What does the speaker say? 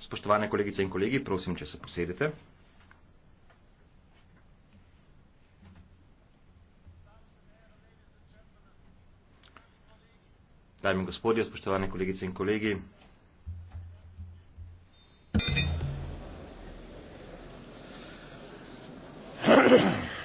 Spoštovane kolegice in kolegi, prosim, če se posedete. Dajmo gospodje, spoštovane kolegice in kolegi. Hrv.